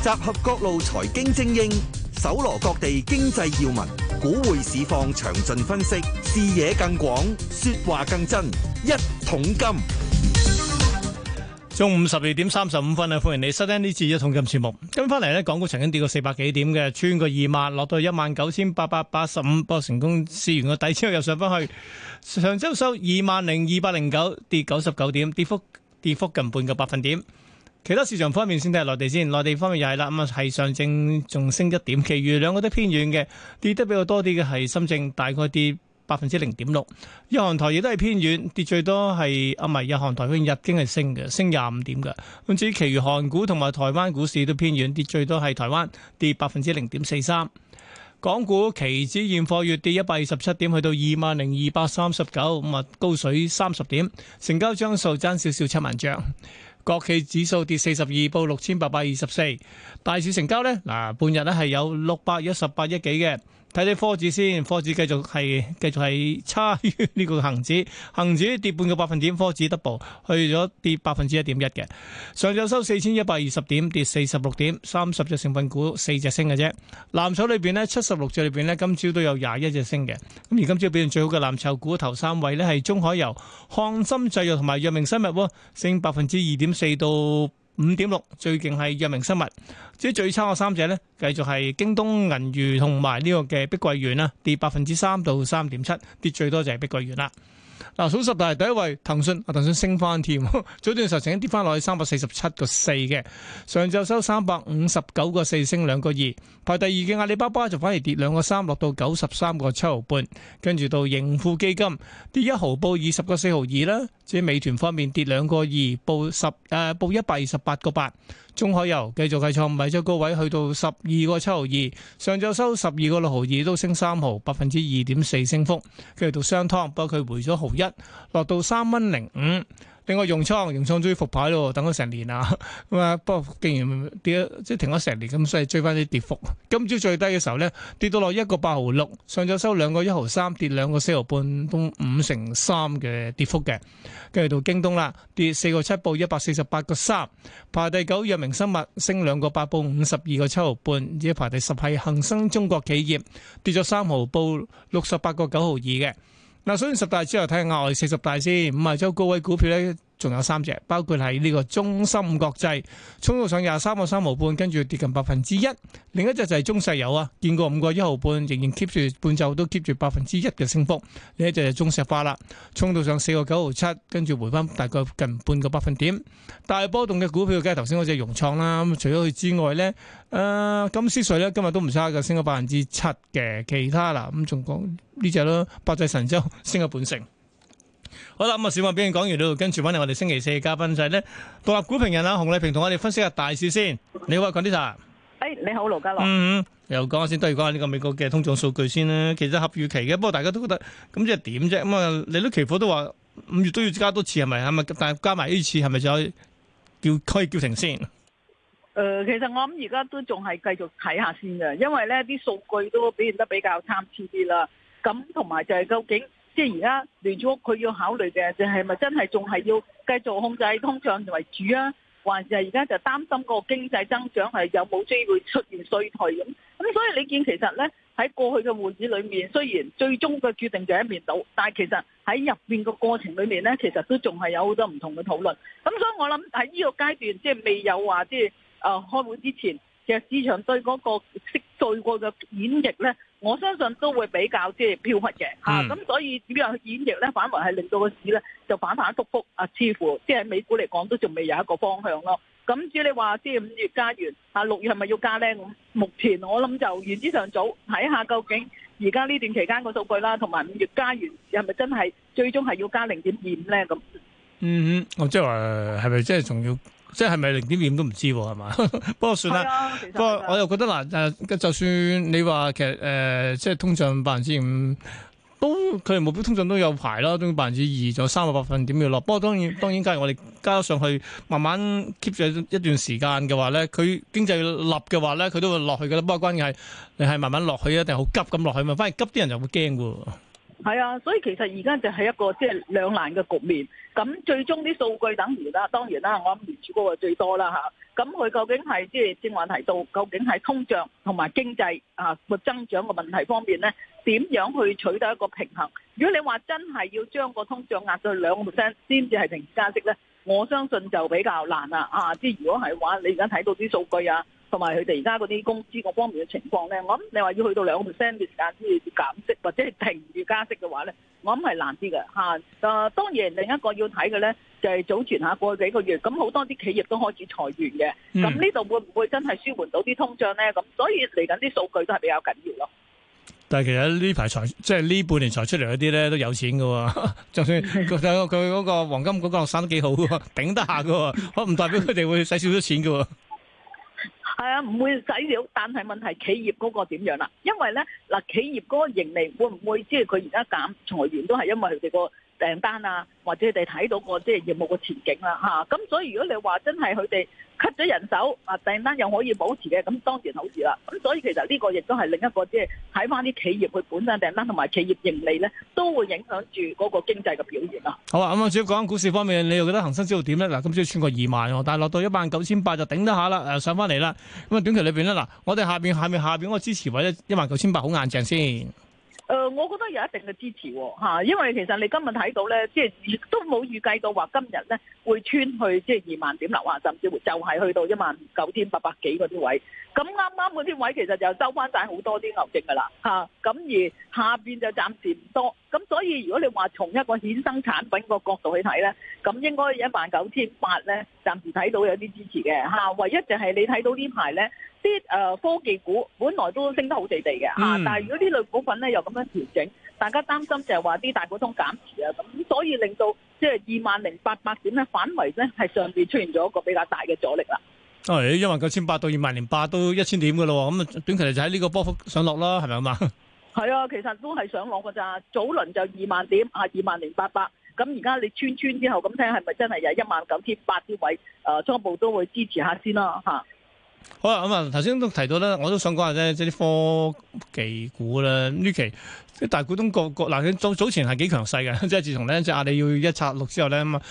集合各路財經精英，搜羅各地經濟要聞，股匯市況詳盡分析，視野更廣，說話更真。一桶金，中午十二點三十五分啊！歡迎你收聽呢次一桶金節目。跟翻嚟咧，港股曾經跌過四百幾點嘅，穿過二萬，落到一萬九千八百八十五，不過成功試完個底之後又上翻去。上周收二萬零二百零九，跌九十九點，跌幅跌幅近半個百分點。其他市場方面先睇下內地先，內地方面又係啦，咁啊係上證仲升一點，其餘兩個都偏軟嘅，跌得比較多啲嘅係深證，大概跌百分之零點六。日韓台亦都係偏軟，跌最多係啊唔係日韓台，佢日經係升嘅，升廿五點嘅。咁至於其餘韓股同埋台灣股市都偏軟，跌最多係台灣跌百分之零點四三。港股期指現貨月跌一百二十七點，去到二萬零二百三十九，咁啊高水三十點，成交張數爭少少七萬張。國企指數跌四十二，報六千八百二十四。大市成交咧，嗱，半日咧係有六百一十八億幾嘅。睇啲科指先，科指繼續係繼續係差於呢個恒指，恒指跌半個百分點，科指 double 去咗跌百分之一點一嘅。上晝收四千一百二十點，跌四十六點，三十隻成分股四隻升嘅啫。藍籌裏邊呢，七十六隻裏邊呢，今朝都有廿一隻升嘅。咁而今朝表現最好嘅藍籌股頭三位呢，係中海油、翰森製藥同埋藥明生物，升百分之二點四到，五點六，6，最勁係藥明生物。至於最差嘅三隻咧，繼續係京東、銀娛同埋呢個嘅碧桂園啦，跌百分之三到三點七，跌最多就係碧桂園啦。嗱，數十大第一位騰訊，啊騰訊升翻添，早段時候曾經跌翻落去三百四十七個四嘅，上晝收三百五十九個四，升兩個二。排第二嘅阿里巴巴就反而跌兩個三，落到九十三個七毫半，跟住到盈富基金跌一毫報二十個四毫二啦。至於美團方面跌兩個二，報十誒報一百二十八個八。中海油繼續計錯，賣咗高位去到十二個七毫二，上晝收十二個六毫二，都升三毫，百分之二點四升幅，繼續到商湯，不過佢回咗毫一，落到三蚊零五。另外創，用倉，用倉追於復牌咯，等咗成年啊！咁啊，不過竟然跌咗，即係停咗成年咁，所以追翻啲跌幅。今朝最低嘅時候咧，跌到落一個八毫六，上晝收兩個一毫三，跌兩個四毫半，都五成三嘅跌幅嘅。跟住到京東啦，跌四個七，報一百四十八個三，排第九。藥明生物升兩個八，報五十二個七毫半，而家排第十。係恒生中國企業跌咗三毫，報六十八個九毫二嘅。嗱，所以十大之後睇下外四十大先，五十周高位股票咧。仲有三隻，包括喺呢個中芯國際，衝到上廿三個三毫半，跟住跌近百分之一。另一隻就係中石油啊，見過五個一毫半，仍然 keep 住半晝都 keep 住百分之一嘅升幅。呢一隻就中石化啦，衝到上四個九毫七，跟住回翻大概近半個百分點。大波動嘅股票梗係頭先嗰隻融創啦，咁除咗佢之外咧，誒金斯瑞咧今日都唔差嘅，升咗百分之七嘅。其他嗱咁，仲講呢隻咯，百濟神州呵呵升咗半成。好啦，咁、嗯、啊，小話片講完啦，跟住翻嚟我哋星期四嘅嘉賓就係咧獨立股評人啦、啊，熊麗萍同我哋分析下大市先。你好，鄺先生。誒，你好，盧家樂。嗯又講下先，都要講下呢個美國嘅通脹數據先啦。其實合預期嘅，不過大家都覺得咁即係點啫？咁、嗯、啊，你都期貨都話五月都要加多次係咪？係咪？但係加埋呢次係咪就可以，叫可以叫停先？誒、呃，其實我諗而家都仲係繼續睇下先嘅，因為咧啲數據都表現得比較參差啲啦。咁同埋就係究竟。即係而家聯儲局佢要考慮嘅，就係咪真係仲係要繼續控制通脹為主啊？還是係而家就擔心個經濟增長係有冇機會出現衰退咁、啊？咁所以你見其實咧喺過去嘅會議裏面，雖然最終嘅決定就一面倒，但係其實喺入面個過程裏面咧，其實都仲係有好多唔同嘅討論。咁所以我諗喺呢個階段，即係未有話即係啊開會之前，其實市場對嗰、嗰個息再過嘅演繹咧。我相信都會比較即係飄忽嘅嚇，咁、嗯啊、所以點樣演繹咧？反而係令到個市咧就反反覆覆啊，似乎即係美股嚟講都仲未有一個方向咯。咁至於你話即係五月加元嚇六月係咪要加咧？咁目前我諗就言之尚早，睇下究竟而家呢段期間個數據啦，同埋五月加元係咪真係最終係要加零點二五咧？咁嗯嗯，我即係話係咪即係仲要？即係咪零點五都唔知係嘛？ 不過算啦。啊、不過我又覺得嗱誒，就算你話其實誒、呃，即係通脹百分之五都佢哋目標通脹都有排啦，都百分之二，仲有三個百分點要落。不過當然當然，假如我哋加上去，慢慢 keep 住一段時間嘅話咧，佢經濟立嘅話咧，佢都會落去噶啦。不過關鍵係你係慢慢落去啊，定係好急咁落去嘛？反而急啲人就會驚㗎。係啊，所以其實而家就係一個即係兩難嘅局面。咁最終啲數據等完啦，當然啦，我諗年初嗰個最多啦吓。咁佢究竟係即係正話提到，究竟係通脹同埋經濟啊個增長嘅問題方面咧，點樣去取得一個平衡？如果你話真係要將個通脹壓到兩個 percent 先至係停加息咧，我相信就比較難啦。啊，即係如果係話你而家睇到啲數據啊。同埋佢哋而家嗰啲工資嗰方面嘅情況咧，我諗你話要去到兩個 percent 嘅時間先要減息，或者係停住加息嘅話咧，我諗係難啲嘅嚇。啊，當然另一個要睇嘅咧，就係、是、早前下過幾個月，咁好多啲企業都開始裁員嘅，咁呢度會唔會真係舒緩到啲通脹咧？咁所以嚟緊啲數據都係比較緊要咯、嗯。但係其實呢排裁，即係呢半年裁出嚟嗰啲咧都有錢嘅喎、啊，就算佢佢嗰個黃金嗰個，個生得幾好嘅喎，頂得下嘅喎、啊，唔代表佢哋會使少少錢嘅喎、啊。係啊，唔會使料，但係問題企業嗰個點樣啦？因為咧，嗱，企業嗰個盈利會唔會即係佢而家減裁員都係因為佢哋、嗰個。訂單啊，或者你哋睇到個即係業務嘅前景啦，吓、啊、咁所以如果你話真係佢哋 cut 咗人手，啊，訂單又可以保持嘅，咁當然好事啦。咁所以其實呢個亦都係另一個即係睇翻啲企業佢本身訂單同埋企業盈利咧，都會影響住嗰個經濟嘅表現啦。好啊，咁、嗯、我主要講股市方面，你又覺得恒生指數點咧？嗱，今朝穿過二萬，但係落到一萬九千八就頂得下啦，又、呃、上翻嚟啦。咁啊，短期裏邊咧，嗱，我哋下邊下面下邊嗰個支持位咧，一萬九千八好硬淨先。誒，我覺得有一定嘅支持喎，吓，因為其實你今日睇到咧，即係都冇預計到話今日咧會穿去即係二萬點樓下，話甚至乎就係去到一萬九千八百幾嗰啲位。咁啱啱嗰啲位其實就收翻晒好多啲牛證噶啦嚇，咁、啊、而下邊就暫時唔多，咁所以如果你話從一個衍生產品個角度去睇咧，咁應該一萬九千八咧暫時睇到有啲支持嘅嚇、啊，唯一就係你睇到呢排咧啲誒科技股本來都升得好地地嘅嚇，但係如果類呢類股份咧又咁樣調整，大家擔心就係話啲大股東減持啊咁，所以令到即係二萬零八百點咧反為咧係上邊出現咗一個比較大嘅阻力啦。誒、哦，一萬九千八到二萬零八都一千點嘅咯，咁短期就喺呢個波幅上落啦，係咪啊嘛？係 啊，其實都係上落嘅咋。早輪就二萬點，啊二萬零八百。咁而家你穿穿之後，咁聽係咪真係有一萬九千八啲位誒，初、啊、步都會支持下先啦，吓。好啦，咁啊，頭先都提到咧，我都想講下咧，即係啲科技股咧，呢期即係啲大股東個個，嗱、啊，早早前係幾強勢嘅，即係自從咧即係阿里要一拆六之後咧，咁啊。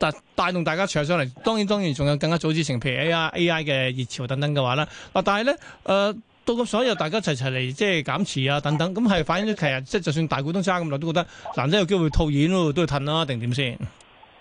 但帶動大家搶上嚟，當然當然，仲有更加早之成譬如 A I A I 嘅熱潮等等嘅話啦。啊，但係咧，誒、呃、到咁所有大家齊齊嚟即係減持啊等等，咁係反映咗其實即係就算大股東揸咁耐，都覺得難得有機會套現咯，都要褪啦、啊，定點先？誒、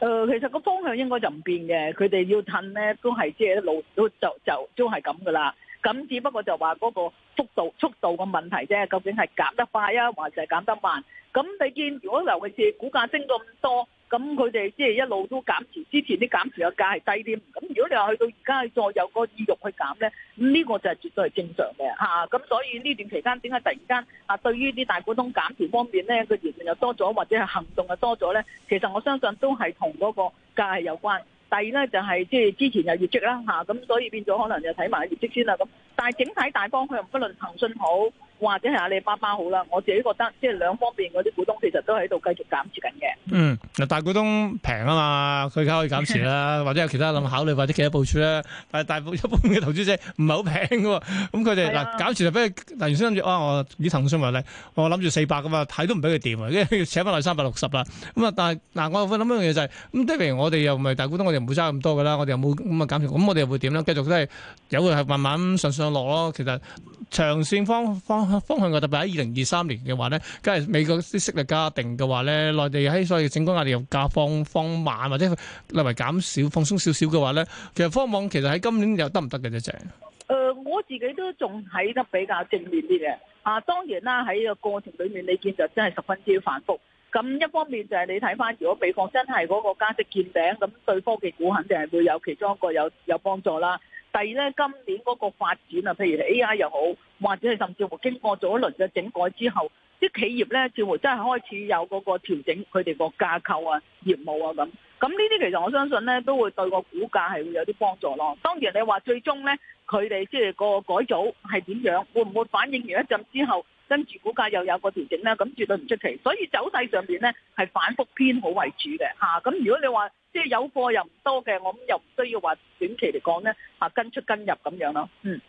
呃，其實個方向應該就唔變嘅，佢哋要褪咧都係即係一路都就就都係咁噶啦。咁、就是、只不過就話嗰個速度速度嘅問題啫，究竟係減得快啊，還是係減得慢？咁你見如果尤其是股價升咁多。咁佢哋即係一路都減持，之前啲減持嘅價係低啲。咁如果你話去到而家再有個意欲去減咧，咁呢個就係絕對係正常嘅嚇。咁、啊、所以呢段期間點解突然間啊，對於啲大股東減持方面咧，個言論又多咗，或者係行動又多咗咧？其實我相信都係同嗰個價係有關。第二咧就係即係之前有業績啦嚇，咁、啊、所以變咗可能就睇埋業績先啦。咁但係整體大方向，不論騰訊好。或者係阿里巴巴好啦，我自己覺得即係兩方面嗰啲股東其實都喺度繼續減持緊嘅。嗯，嗱，大股東平啊嘛，佢梗係可以減持啦， 或者有其他諗考慮或者其他部署啦。但係大一般嘅投資者唔係好平嘅，咁佢哋嗱減持就俾佢原先諗住，哇、啊！我以騰訊為例，我諗住四百噶嘛，睇都唔俾佢掂啊，跟住請翻嚟三百六十啦。咁、嗯、啊，但係嗱，我諗一樣嘢就係咁，即係譬如我哋又唔係大股東，我哋唔會揸咁多噶啦，我哋又冇咁啊減持，咁、嗯嗯、我哋又會點咧？繼，繼續都、就、係、是、有係慢慢上上落咯，其實。長線方方方向嘅，特別喺二零二三年嘅話咧，梗係美國啲息率加定嘅話咧，內地喺所謂政策壓力又加放放慢或者略微減少、放鬆少少嘅話咧，其實科網其實喺今年又得唔得嘅啫？誒、呃，我自己都仲睇得比較正面啲嘅啊。當然啦，喺個過程裡面，你見就真係十分之繁複。咁一方面就係你睇翻，如果美國真係嗰個加息見頂，咁對科技股，股肯定係會有其中一個有有、有幫助啦。第二咧，今年嗰個發展啊，譬如 AI 又好，或者係甚至乎經過咗一輪嘅整改之後，啲企業咧似乎真係開始有嗰個調整佢哋個架構啊、業務啊咁。咁呢啲其實我相信咧，都會對個股價係會有啲幫助咯。當然你話最終咧，佢哋即係個改組係點樣，會唔會反映完一陣之後？跟住股價又有個調整啦，咁絕對唔出奇。所以走勢上邊咧係反覆偏好為主嘅嚇。咁、啊、如果你話即係有貨又唔多嘅，我諗又唔需要話短期嚟講咧嚇，跟出跟入咁樣咯。嗯，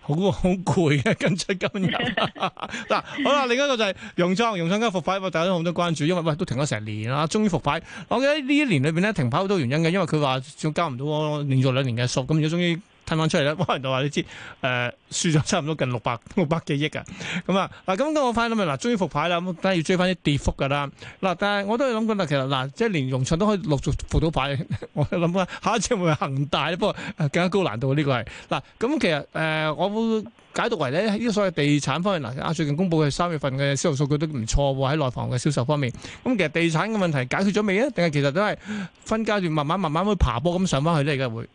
好好攰嘅、啊、跟出跟入。嗱， 好啦，另一個就係融創，融創今日復牌，我大家都好多關注，因為喂都停咗成年啦，終於復牌。我記得呢一年裏邊咧停牌好多原因嘅，因為佢話仲交唔到，連續兩年嘅數咁，而家終於。褪翻出嚟啦，可能就話你知，誒、呃，輸咗差唔多近六百六百幾億啊！咁啊，嗱，咁我翻諗咪，嗱，終於復牌啦，咁梗係要追翻啲跌幅噶啦。嗱、啊，但係我都係諗緊啦，其實嗱、啊，即係連融創都可以陸續復到牌，我諗下一程會係恒大咧，不過、啊、更加高難度呢個係嗱，咁、啊啊、其實誒、啊，我解讀為咧，呢啲所謂地產方面嗱、啊，最近公佈嘅三月份嘅銷售數據都唔錯喎，喺內房嘅銷售方面。咁其實地產嘅問題解決咗未啊？定係其實都係分階段慢慢慢慢爬波去爬坡咁上翻去咧？而家會。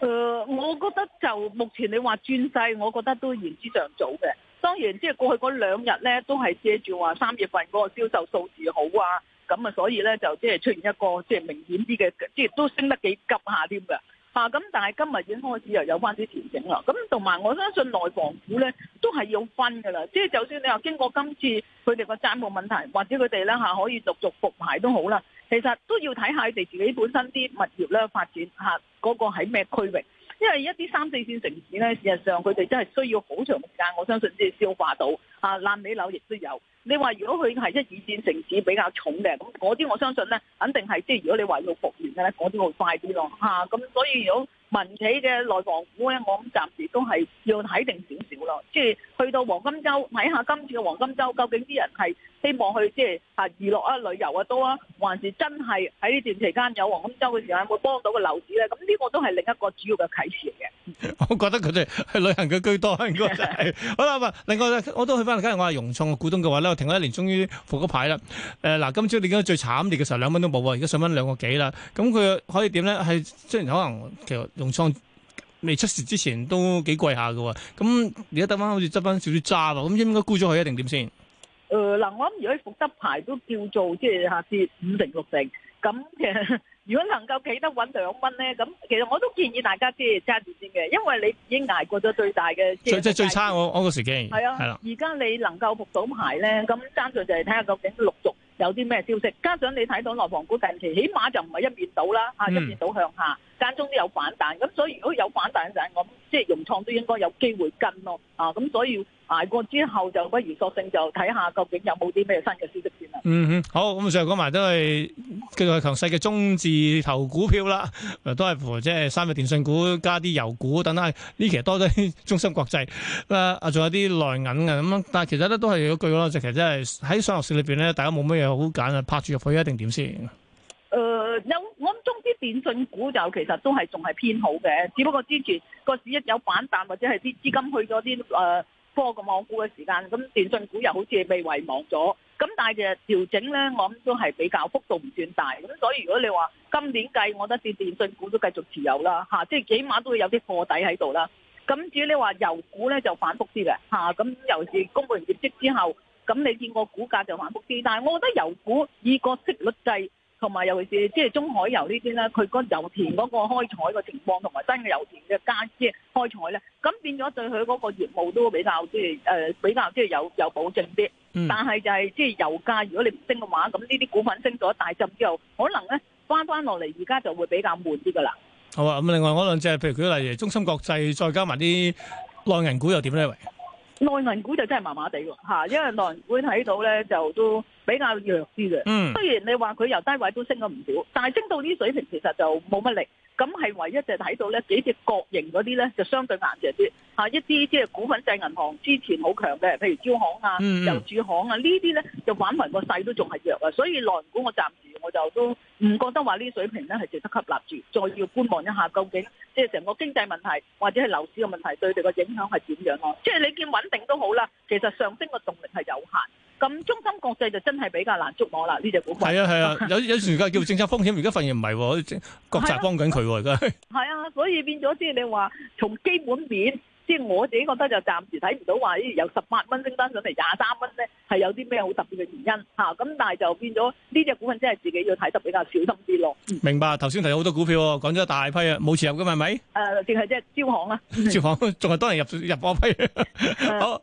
誒、呃，我覺得就目前你話轉勢，我覺得都言之尚早嘅。當然，即係過去嗰兩日咧，都係借住話三月份嗰個銷售數字好啊，咁啊，所以咧就即係出現一個即係明顯啲嘅，即係都升得幾急下添嘅。嚇、啊，咁但係今日已經開始又有翻啲調整啦。咁同埋我相信內房股咧都係要分㗎啦。即係就算你話經過今次佢哋個債務問題，或者佢哋咧嚇可以陸續復牌都好啦。其實都要睇下佢哋自己本身啲物業咧發展嚇，嗰個喺咩區域？因為一啲三四線城市咧，事實上佢哋真係需要好長時間，我相信即係消化到。啊，爛尾樓亦都有。你話如果佢係一二線城市比較重嘅，咁嗰啲我相信咧，肯定係即係如果你話要復原嘅咧，嗰啲會快啲咯。嚇、啊，咁所以如果民企嘅內房股咧，我諗暫時都係要睇定少少咯。即係去到黃金周睇下今次嘅黃金周究竟啲人係。希望去即係吓娛樂啊、旅遊啊都啊，還是真係喺呢段期間有黃金周嘅時間會幫到個樓市咧？咁呢個都係另一個主要嘅啟示嚟嘅。 我覺得佢哋去旅行嘅居多應該係好啦。嗯嗯、 另外我都去翻嚟，今日我係融創嘅股東嘅話咧，我停咗一年，終於復咗牌啦。誒，嗱，今朝你見到最慘跌嘅時候兩蚊都冇啊？而家上翻兩個幾啦。咁、嗯、佢可以點咧？係雖然可能其實融創未出事之前都幾貴下嘅。咁而家等翻好似執翻少少渣啊。咁應該沽咗佢一定點先？誒，嗱，我諗如果複得牌都叫做即係下跌五成六成，咁其實如果能夠企得穩兩蚊咧，咁其實我都建議大家即係揸住先嘅，因為你已經捱過咗最大嘅即係最最最差我我個時機係啊，係啦，而家你能夠復到牌咧，咁爭在就係睇下究竟陸續有啲咩消息，加上你睇到內房股近期起碼就唔係一面倒啦，吓一面倒向下。間中都有反彈，咁所以如果有反彈就係我即係融創都應該有機會跟咯，啊咁所以捱過之後就不如索性就睇下究竟有冇啲咩新嘅消息先啦。嗯哼，好，咁上日講埋都係叫做強勢嘅中字頭股票啦，啊，都係乎即係三隻電信股加啲油股等等，呢期多啲中芯國際，啊仲有啲內銀嘅咁、啊、但係其實都係嗰句咯，就是、其實真係喺上落市裏邊咧，大家冇乜嘢好揀啊，拍住入去一定點先。誒、呃，有我中。電信股就其實都係仲係偏好嘅，只不過之前個市一有反彈或者係啲資金去咗啲誒科嘅網股嘅時間，咁電信股又好似被遺忘咗，咁但係嘅調整咧，我諗都係比較幅度唔算大，咁所以如果你話今年計，我覺得啲電信股都繼續持有啦，吓，即係起碼都會有啲貨底喺度啦。咁至於你話油股咧就反復啲嘅，吓，咁尤其是公布完業績之後，咁你見過股價就反復啲，但係我覺得油股以個息率計。同埋尤其是即係中海油呢啲啦，佢嗰油田嗰個開採嘅情況同埋新嘅油田嘅加即係開採咧，咁變咗對佢嗰個業務都比較即係誒比較即係有有保證啲。但係就係即係油價，如果你唔升嘅話，咁呢啲股份升咗大浸之後，可能咧翻翻落嚟而家就會比較悶啲噶啦。好啊，咁另外嗰兩隻，譬如舉例，中心國際再加埋啲內銀股又點咧？內銀股就真係麻麻地喎，因為內銀股睇到呢就都比較弱啲嘅。嗯， 雖然你話佢由低位都升咗唔少，但係升到啲水平其實就冇乜力。咁係唯一就睇到咧，幾隻國營嗰啲咧就相對難食啲嚇，一啲即係股份制銀行之前好強嘅，譬如招行啊、郵儲行啊呢啲咧，就玩埋個勢都仲係弱啊，所以內觀我暫時我就都唔覺得話呢啲水平咧係值得吸納住，再要觀望一下究竟即係成個經濟問題或者係樓市嘅問題對佢嘅影響係點樣咯？即係你見穩定都好啦，其實上升嘅動力係有限。咁中心國際就真係比較難捉摸啦，呢、這、隻、個、股份係啊係啊，啊 有有，有時佢叫政策風險，而家發現唔係國債幫緊佢而家係啊，所以變咗即係你話從基本面，即、就、係、是、我自己覺得就暫時睇唔到話由十八蚊升翻上嚟廿三蚊咧係有啲咩好特別嘅原因嚇，咁、啊、但係就變咗呢隻股份真係自己要睇得比較小心啲咯。嗯、明白，頭先提好多股票，講咗一大批啊，冇持有嘅係咪？誒，淨係即係招行啊，招行仲係多人入入波批， 好。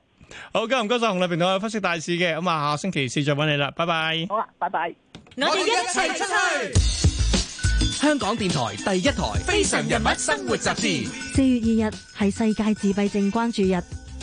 好，今日唔該晒熊麗萍台去分析大事嘅，咁啊下星期四再揾你啦，拜拜。好啦，拜拜。我哋一齊出去。香港電台第一台非常人物生活雜誌。四月二日係世界自閉症關注日。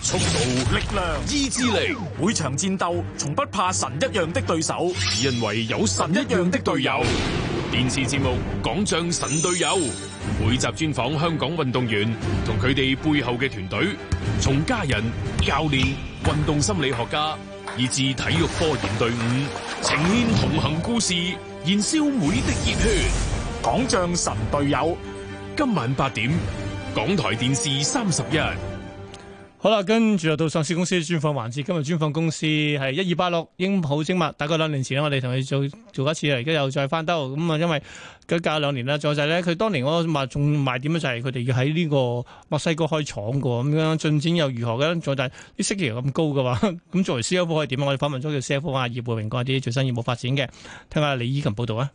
速度、力量、意志力，每場戰鬥從不怕神一樣的對手，只因為有神一樣的隊友。友電視節目《港將神隊友》，每集專訪香港運動員同佢哋背後嘅團隊，從家人、教練、運動心理學家，以至體育科研隊伍，呈現同行故事，燃燒每滴熱血。《港將神隊友》，今晚八點。港台電視三十一，好啦，跟住又到上市公司嘅專訪環節。今日專訪公司係一二八六英普精密。大概兩年前咧，我哋同佢做做一次啊，而家又再翻兜。咁啊，因為佢隔咗兩年啦，再就呢，佢當年我話仲賣點咧就係佢哋要喺呢個墨西哥開廠㗎。咁樣進展又如何嘅？再就啲息期又咁高嘅話，咁 作為 C F O 可以點啊？我哋訪問咗佢 C F O 阿葉慧榮講下啲最新業務發展嘅。聽下李依琴報道啊。